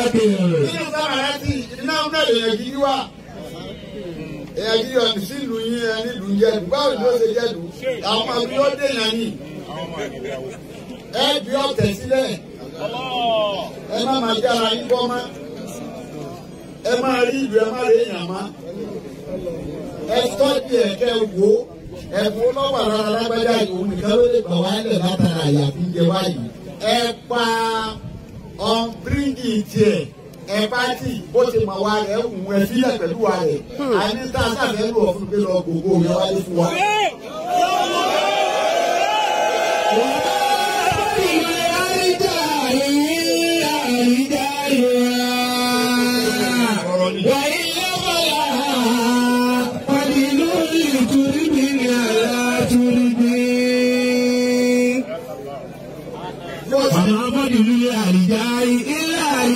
yake. ti iná yín báwo àwọn ni ẹ bí ọ̀tẹ̀ sílẹ̀ ẹ má máa jára yín bọ́ mọ́ ẹ rí ìlú ẹ má rí èèyàn mọ́ ẹ tọ́jú wò lọ́wọ́ lè gbà jẹ wáyé ẹ pa on bringing tiẹ̀ ẹ pàtì bó ṣe mọ̀ wa rẹ̀ ń wẹ̀ sílẹ̀ pẹ̀lú wa rẹ̀ àní hmm. tá a sàbẹ̀ lù ọ̀fun gbé lọ gbogbo yẹn wáyé fún wa.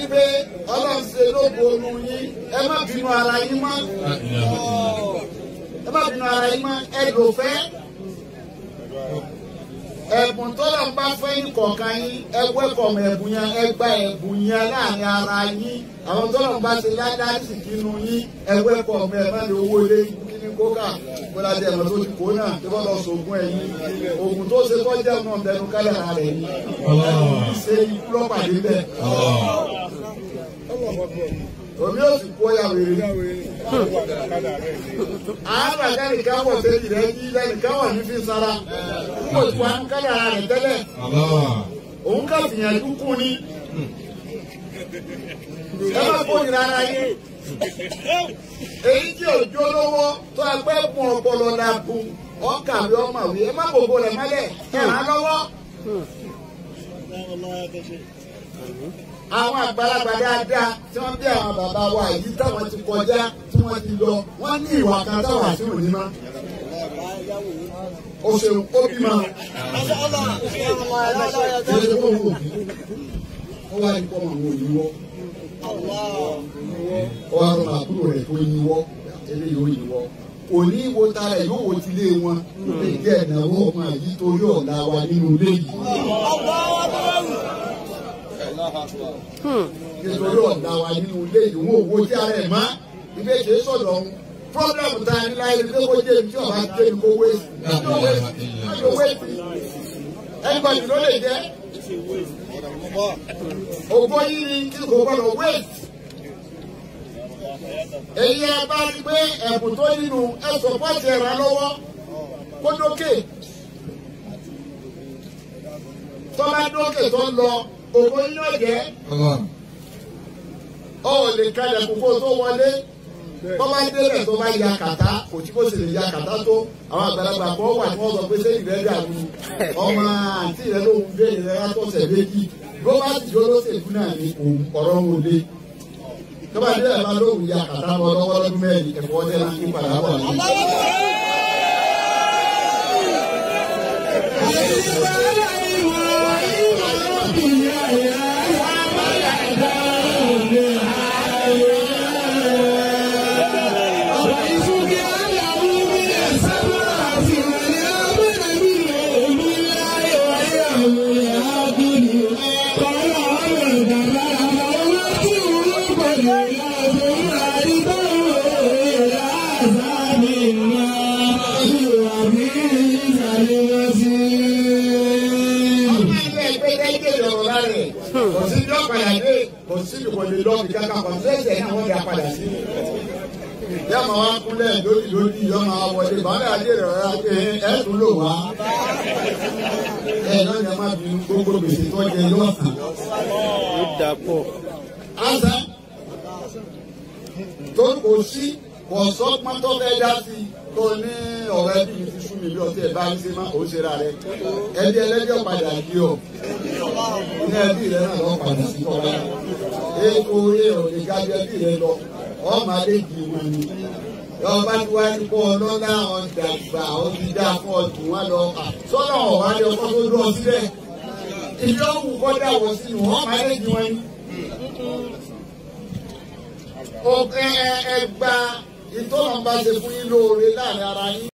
yí pé ọlọ́run ṣe lóko olú yín ẹ má bínú ara yín mọ́ ẹ má bínú ara yín mọ́ ẹ lò fẹ́ ẹ̀bùn tọ́lọ̀ ń bá fẹ́ yín kọ̀ọ̀kan yín ẹ wẹ́kọ̀ mọ̀ ẹ̀bùn yẹn ẹ gba ẹ̀bùn yẹn láàrin ara yín àwọn tọ́lọ̀ ń bá ṣe ládàá sì kínú yín ẹ wẹ́kọ̀ mọ̀ ẹ̀ má lé yín kókà kó láti ẹ̀rọ tó ti kó náà tó bá lọ sògùn ẹ̀yìn oògùn tó ṣe kọ́ jẹ́ ọ̀nà ọ̀bẹ̀nu kálẹ̀ ara rẹ̀ ṣe ikú lọ́pàdé bẹ́ẹ̀. Omi yóò sì kó ya wèrè ní. Àádọ́ lẹ́nu ká wọ̀ bẹ́ẹ̀ni rẹ̀ ní lẹ́nu ká wọ̀ ní fi sara. Kúkò tó wà ń kálẹ̀ ara rẹ̀ tẹ́lẹ̀. Òun kà fìyànjú kú ni. Ẹ má kó ìrara yé èyí tí òjò lọ́wọ́ tó ẹgbẹ́ kun ọpọlọ dàbùn ọkàwé ọmọwé ẹ má gbogbo rẹ̀ mọ́lẹ̀ ẹ ràn lọ́wọ́. àwọn àgbàlagbà dáadáa tí wọ́n bí àwọn bàbá wa yìí táwọn ti kọjá tí wọ́n ti lọ wọ́n ní ìwà kan táwọn àti òní mọ́ o ṣeun ó bímọ ó wá ní kọ́mọ àwọn òyìnbó ó wá rọrùn àbúrò rẹ̀ tó yíwọ́ eléyìí ó yíwọ́ òní wo ta rẹ̀ yóò wo tilé wọn lè jẹ́ ìnáwó ọmọ yìí torí ọ̀la wa nínú ilé yìí. nítorí ọ̀la wa nínú ilé yìí wọn ò wo tí ara ẹ̀ má ibi ètò ìsọ̀dọ̀ ọ̀hún problem ta ni láyé ní kókó jẹ́ ibi tí ọba jẹ́ ibi kó wé sí. ẹgbẹ́ ìlú ló lè jẹ́ mọ́ ògbó yìí ni kí kò gbọdọ̀ wait. èyí ẹ bá rí pé ẹ̀bùn tó nínú ẹ sọ̀pọ̀tì ẹ̀rọ lọ́wọ́ kó dókè tó bá dókè tó ń lọ ògbó yìí náà jẹ́ ọ ò lè kalẹ̀ kókó tó wọlé bọ́lá débẹ̀ tó bá ya kàtá kò tí kò sì lè ya kàtá tó àwọn àgbàlagbà kan wà tí wọ́n sọ pé sẹ́yìn rẹ̀ dàrú ọmọ àǹtí rẹ̀ ló ń gbé ìrẹ́ra tó sẹ̀ méjì ló bá jẹ́ olóṣèlú náà ní òun ọ̀rọ̀ ń wọlé tó bá dé ẹ̀ máa lóhùn ya kàtà bọ́ lọ́wọ́ mẹ́rin ẹ̀fọ́ ọdẹ láti padà kò sí ní ọ̀pẹ̀lẹ̀ dé kò sí ní wọlé lọ́ọ̀bì kankan kò sí ẹ̀sẹ̀ náà wọ́n yà padà sí. ìyá máa wá kúnlẹ̀ lórí lórí yọ máa wọlé bàbá àdé rẹ̀ rárá pé ẹ tún lò wá. ẹ náà yẹ má bínú gbogbo gbèsè tó jẹ lọ́sàn. ó dà pọ̀. àṣà tó kò sí kò sọ́gbọ́n tó fẹ́ dá sí i tó ní ọ̀rẹ́ bíi ti sún mi bí ọtí ẹ̀ bá ń ṣe má òun ṣe ilé ẹbí rẹ náà tí wàá ní kó ọlọ́lá ọ̀dàgbà ọ̀dìdá fún ọdún wa lọ sọ́nà ọ̀wá ni ọkọ tó lọ sílẹ̀ ìlọ́wù kọ́dà wọ̀ sínú ọmọ adé di wọn ni. ọ̀gá ẹgbàá ìtọ́nà bá ṣe fún yín lóore láàrin ara yín.